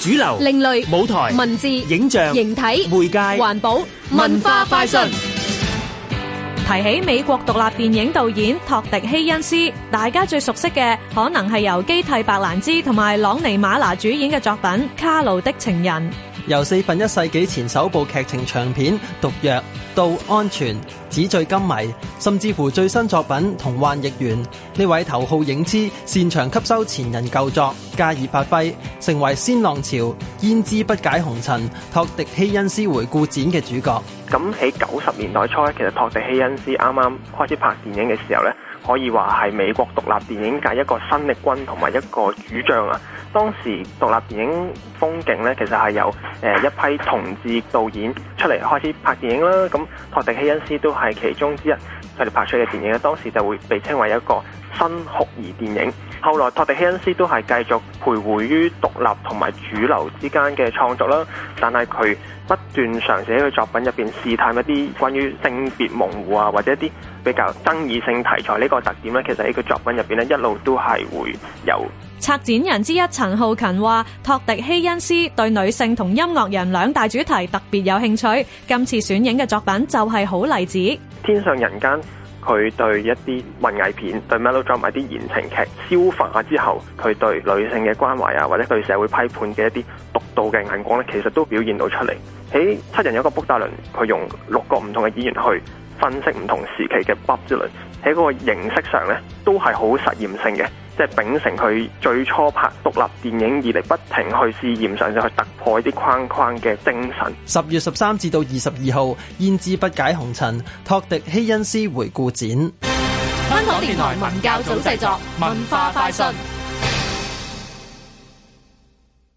主流、另類舞台、文字、影像、形體、媒介、環保、文化快訊。提起美國獨立電影導演托迪希恩斯，大家最熟悉嘅可能係由基蒂白蘭茲同埋朗尼瑪拉主演嘅作品《卡露的情人》。由四分一世紀前首部劇情長片《毒藥》到《安全》、《紙醉金迷》。甚至乎最新作品同《幻翼緣》，呢位頭號影痴，擅長吸收前人舊作，加以發揮，成為先浪潮、胭脂不解紅塵托迪希恩斯回顧展嘅主角。咁喺九十年代初，其實托迪希恩斯啱啱開始拍電影嘅時候咧，可以話係美國獨立電影界一個新力軍同埋一個主將啊！當時獨立電影風景呢，其實係由誒、呃、一批同志導演出嚟開始拍電影啦。咁托迪希恩斯都係其中之一，佢哋拍出嘅電影，當時就會被稱為一個新酷兒電影。後來托迪希恩斯都係繼續徘徊於獨立同埋主流之間嘅創作啦，但係佢不斷嘗試喺佢作品入邊試探一啲關於性別模糊啊，或者一啲比較爭議性題材，呢個特點咧，其實喺佢作品入邊咧一路都係會有。策展人之一陳浩勤話：托迪希恩斯對女性同音樂人兩大主題特別有興趣，今次選影嘅作品就係好例子。天上人間。佢對一啲文藝片、對 melodrama 一啲言情劇消化之後，佢對女性嘅關懷啊，或者對社會批判嘅一啲獨到嘅眼光咧，其實都表現到出嚟。喺七人有個 Bob Dylan，佢用六個唔同嘅演員去分析唔同時期嘅 Bob Dylan，喺嗰個形式上咧都係好實驗性嘅。即係秉承佢最初拍獨立電影以嚟，不停去試驗甚至去突破啲框框嘅精神。十月十三至到二十二號，燕姿不解紅塵，托迪希恩斯回顧展。香港電台文教組製作，文化快訊。